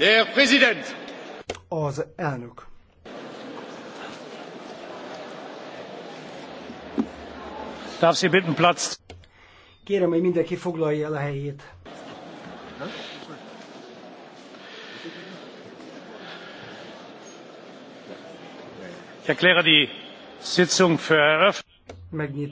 Der Präsident! Az elnök. Darf Sie bitten Platz? Kérem, hogy mindenki foglalja el a helyét. Ich erkläre die Sitzung für eröffnet.